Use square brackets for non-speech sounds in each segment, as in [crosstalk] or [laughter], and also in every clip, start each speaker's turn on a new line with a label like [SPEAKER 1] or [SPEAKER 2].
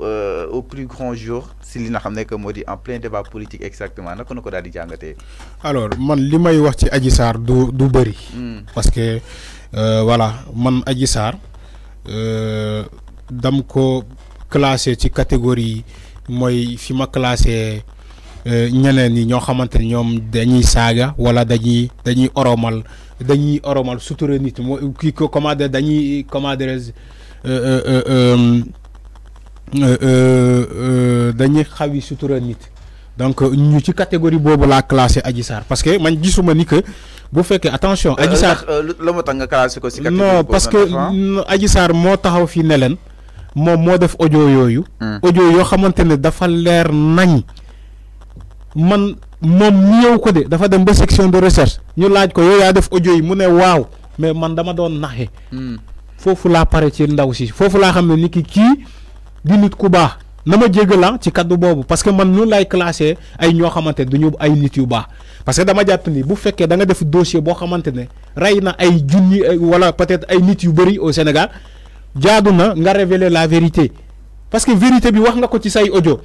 [SPEAKER 1] Euh, au plus grand jour si que en plein débat politique exactement ko alors man limay wax ci du du hmm. parce que euh, voilà man Adji euh dam ko classer ci catégorie moy fi ma classe euh, ñeneen ñi ñoo dañuy wala dañuy dañuy oromal dañuy oromal nit ko dañuy euh, euh, euh, dañuy xawi sutura donc ñu catégorie boobu la classé parce que man gisuma ni que bu attention. non parce que aji sar moo taxaw fi ne audio yooyu. Hmm. audio dafa nañ man de dafa dem ba section de recherche ñu laaj ko yow def audio mais man dama hmm. ci ndaw di nit ku baax na ma jégalan ah ci kaddu boobu parce que man noonu lay classé ay ñoo xamante duñu ay nit yu baax parce que dama jàpp ni bu fekkee da nga def dossier boo xamante ne rey na ay junni wala peut-être ay nit yu bëri au Sénégal jaadu na nga révéler la vérité parce que vérité bi wax nga ko ci say audio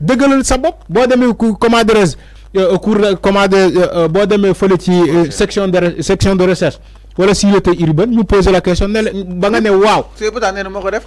[SPEAKER 1] dëggalal sa bopp boo demee comment dirais euh, cour euh, commande euh, boo demee fële ci section de section de recherche wala sûreté urbaine ñu poser la question ne ba nga ne waaw. sëñ Ba taa nee na ko def.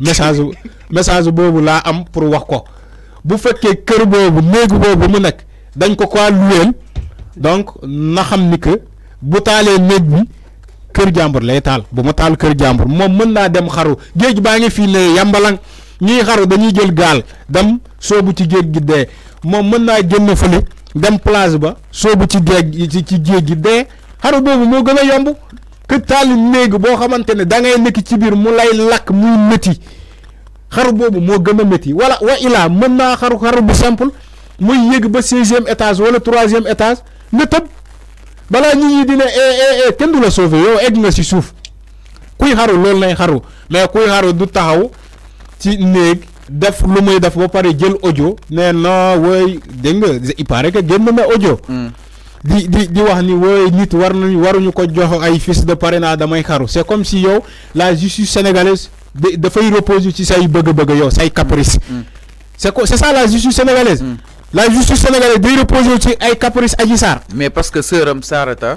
[SPEAKER 1] message message boobu laa am pour wax ko bu fekkee kër boobu néegu boobu mu nekk dañ ko quoi luweel donc na xam ni que bu taalee néeg bi kër jàmbur lay taal bu ma taal kër jàmbur moom mën naa dem xaru géej baa ngi fii ne yambalang ñuy xaru dañuy jël gaal dem soobu ci géej gi dee moom mën naa génn fële dem plage ba soobu ci géej ci ci géej gi dee xaru boobu moo gën a yomb que taal néeg boo xamante ne da ngay nekk ci biir mu lay lakk muy métti xaru boobu moo gën a métti wala wa ilaa mën naa xaru xaru bu simple muy yëg ba sixième étage wala troisième étage nga tëb balaa nit ñi dina eh, eh, eh, kenn du la sauver yow egg nga si suuf kuy xaru loolu lay xaru mais kuy xaru du taxaw ci néeg def lu muy def ba pare jël ojo ne noo woy dégg nga il que génn na audio. Hmm. di di di wax ni wooy nit war nañu waruñu ko jox ay fils de parrainage damay xaru c'est comme si yow la justice sénégalaise dafay repose ci say bëgg-bëgg yow say caprice mm. mm. c'est c'est ça la justice sénégalaise mm. la justice sénégalaise day repose ci ay caprice Adji Sarr mais parce que sëram Sarata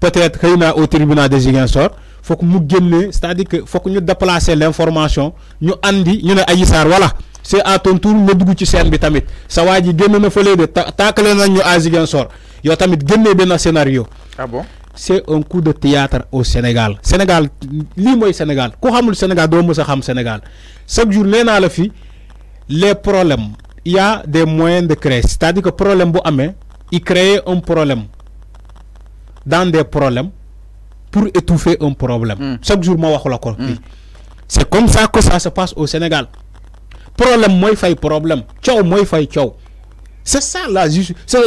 [SPEAKER 1] peut-être xëy au tribunal de faut que mu génne c'est-à-dire que faut que ñu déplacer l'information ñu andi ñu ne Adji voilà c'est à ton tour nga dugg ci scène bi tamit sa waji ji génn na fële de ta taakale nañ ñu à Ziguinchor yo tamit génnee benn scénario. ah bon c'est un coup de théâtre au Sénégal Sénégal li moy Sénégal ko xamul Sénégal do mësa xam Sénégal chaque jour nee les problèmes il y a des moyens de créer c'est-à-dire que problème bu amé il crée un problème dans des problèmes pour étouffer un problème. Mm. Chaque jour, je la hmm. C'est comme ça que ça se passe au Sénégal. Problème, moi, il problème. Ciao, moi, il ciao. C'est ça la justice. C'est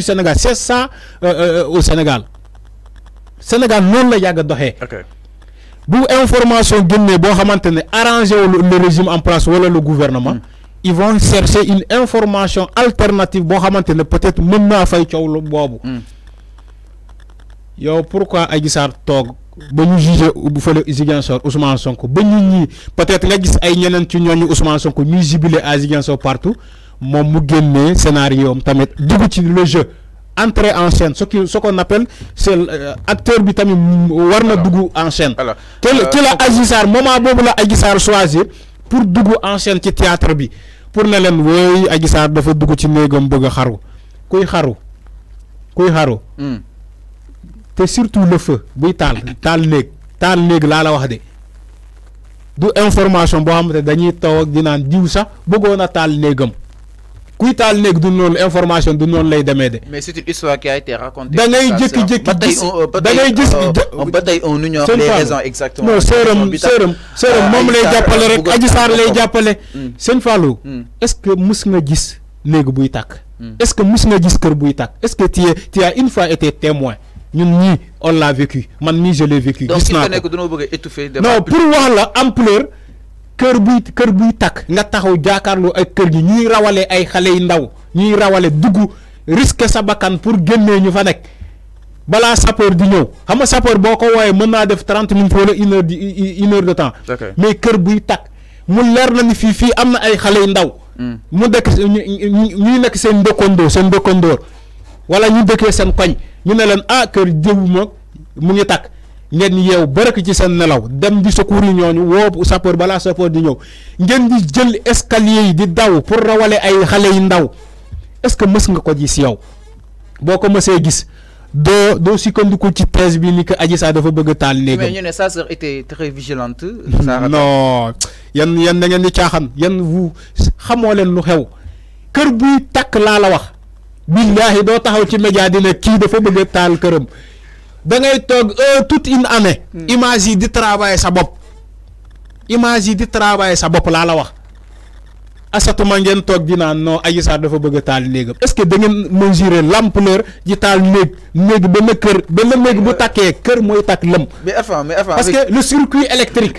[SPEAKER 1] Sénégal. C'est ça euh, euh, au Sénégal. Sénégal, non, la yaga dohe. Bu information guinée, bon, arranger le, le, régime en place ou le gouvernement. Mm. ils vont chercher une information alternative bon xamante peut-être mën naa fay coow le boobu hmm yow pourquoi Adji Sarr toog ba ñu jugé bu fële Ousmane Sonko ba ñi peut-être nga gis ay ñeneen ci ñooñu Ousmane Sonko ñuy jubilé à partout mom mu génnee scénario am tamit dugg ci le jeu entrer en scène ce qui ce qu'on appelle c'est euh, acteur bi tamit war na dugg en scène. te ci euh, la Adji moment bobu la Adji choisir pour dugg en scène ci théâtre bi pour ne leen wooy Adji dafa dugg ci négam bëgg xaru kuy xaru kuy xaru. Hmm surtout le feu buy tal talent neg la de information boo te dañuy taw sax information du lay mais c'est une histoire qui a été racontée. on les raisons exactement. non sërëm sërëm ah, lay rek lay hmm. hmm. est-ce que mus nga gis hmm. est-ce que est-ce que tu as une fois été témoin ñun on l'a vécu man je l'ai vécu. non pour voir la ampleur cœur buy Tak, a nga taxaw jaakaarloo Dugu cœur gi ñi rawalé ay xalé yi ndaw ñi rawalé duggu risque sa bakan pour génnee ñu fa nek bala sapeur di a xam nga sapeur boko woyé mëna def wala heure heure de temps. mais mu ni ñu ne leen ah kër jëwu ma mu ngi takk ngeen yeew bërëk ci seen nelaw dem di secours yi ñooñu woo sapeur balaa sapeur di ñëw ngeen di jël escalier yi di daw pour rawale ay xale yi ndaw est-ce que mës nga ko gis yow boo ko mësee gis doo doo sukkandiku ci thèse bi ni que aji saa dafa bëgg a taal néegam. mais ñu ne sa sœur était très vigilante. [laughs] non yan yan da ngeen di caaxaan yan wu xamoo leen lu xew kër buy takk laa la wax. billaahi doo taxaw ci média di kii dafa bëgg taal këram da ngay toog tout une année. Hmm. image yi di travailler sa bopp. image yi di travailler sa bopp laa la wax asatuma ngeen toog di naan non Adji dafa bëgg a taal néegam est-ce que da ngeen mesurer l'ampleur ji taal néeg néeg benn kër benn néeg bu takkee kër mooy takk lëm. mais parce que le circuit électrique.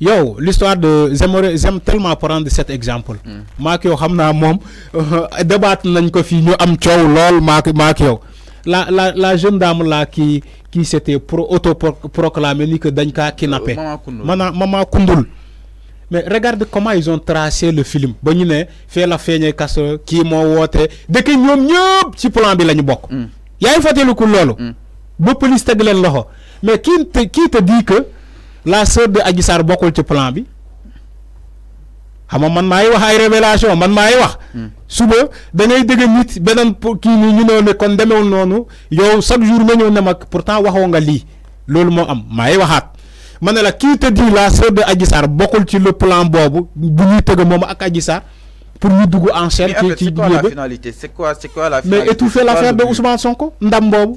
[SPEAKER 1] Yo, l'histoire de j'aimerais j'aime tellement prendre cet exemple hmm. maak yow Mom, naa moom [laughs] débattre nañ ko fi ñu am ciow lool maak maak la la la jeune dame là qui qui s'était pro proclamé ni que dañ ka kidnappé euh, mana mama kundul mais regarde comment ils ont tracé le film ba ñu ne fee la kasso kaso mo woté de que ñom ñëpp ci plan bi la ñu bokk hmm. yaay fàttaliku loolu hmm. ba police teg len loxo mais qui te qui te dit que laa sœur de Adji bokkul ci plan bi xam nga man maay wax ay révélation man maay wax. Hmm. suba da ngay dégg nit beneen kii nii ñu ne kon demewul noonu yow chaque jour nga ñëw ne ma pourtant waxoo nga lii loolu moo am maay waxaat ma ne la kii te di la sœur bokkul ci le plan boobu bu ñuy tëgg moom ak Adji Sarr pour ñu dugg en chaîne. ci ci mais c'est quoi la finalité la finalité de Ousmane Sonko ndam boobu.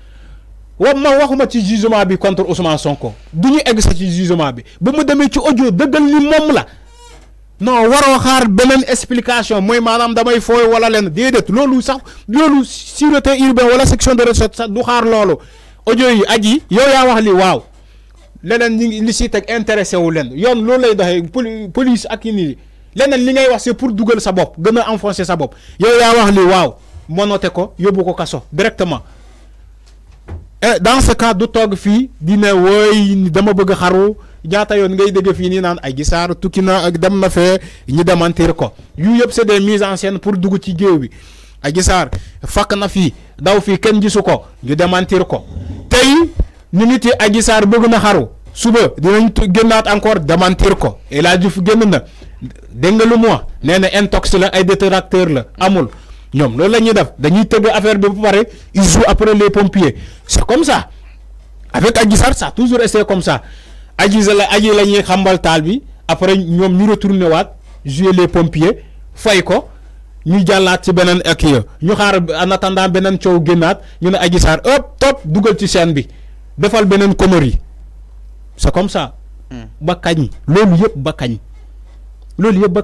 [SPEAKER 1] wa waxuma ci jugement bi contre Ousmane Sonko duñu egg sa ci jugement bi ba mu ci audio la non xaar explication mooy maanaam damay fooy wala len déedéet loolu sax loolu sûreté urbain wala section de recherche sax du xaar loolu audio yi aji yow yaa wax li waaw leneen ñi li si intéressé wu len yoon lay police ak li ngay c'est pour dugal sa sa yow wax kaso directement et eh, dans ce cas du toog fii dina ne wooy dama bëgg xaru ñaata yoon ngay dégg fii nii naan ay gisaar tukki na ak dem na fee ñu démentir ko yu yëpp c'est des mises en scène pour dugg ci géew bi ay gisaar fakk na fii daw fii kenn gisu ko ñu démentir ko tey ñu nit yi ay gisaar bëgg na xaru suba dinañ génnaat encore démentir ko El Hadji Diouf génn na dégg nga lu mu wax na intox la ay détracteur la amul ñom loolu la def dañuy tëgg après les pompiers c'est comme ça avec agisar ça toujours resté comme ça Adji la a la ñuy xambal après ñoom ñu retourné waat jouer les pompiers fay ko ñu ci en attendant beneen coow génnaat ñu ne top dugal ci bi defal beneen connerie c'est comme ça. Hmm. ba kañ loolu yëpp ba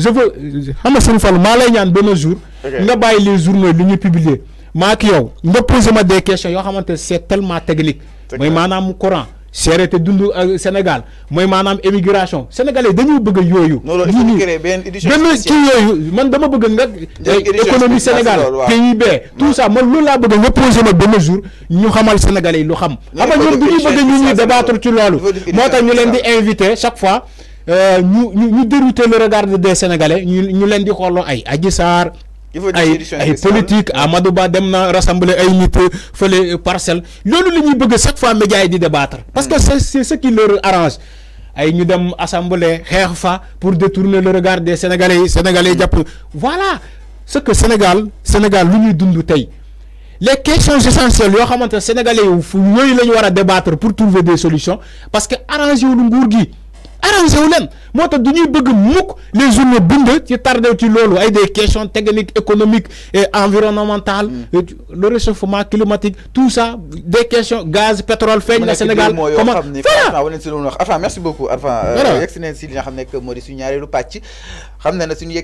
[SPEAKER 1] je veux xam nga Je veux. lay ñaan benn jour. nga les journaux li ñu publier. ma ak yow nga posé ma des questions yo c'est tellement technique. moy manam courant. séeréer euh, te Sénégal moy manam émigration sénégalais dañu bëgg yooyu. ñu ci yoyu man dama bëgg nga. Euh, économie Sénégal PIB tout ça man la bëgg posé ma benn jour ñu xamal sénégalais lu xam. xam nga Je ñu bëgg ñu débattre ci lolu motax ñu leen di invité chaque fois nous euh, ñu dérouter le regard des sénégalais nous ñu leen di xooloo ay politique Amadou Ba na rassembler ay nit fële parcelle nous la ñuy bëgg chaque fois médias yi di débattre. parce que c'est c'est ce qui leur arrange. ay ñu dem assemblée pour détourner le regard des sénégalais sénégalais voilà ce que Sénégal Sénégal lu ñuy les questions essentielles les sénégalais yi faut débattre pour trouver des solutions parce que arrangé wu nguur gi arrangé wu leen Moi, je du ñuy bëgg mukk les journaux bind ci tardé ci loolu ay des questions techniques économiques et environnementales mm. le réchauffement climatique tout ça des questions gaz pétrole feeñ na Sénégal comment voilà merci beaucoup euh, si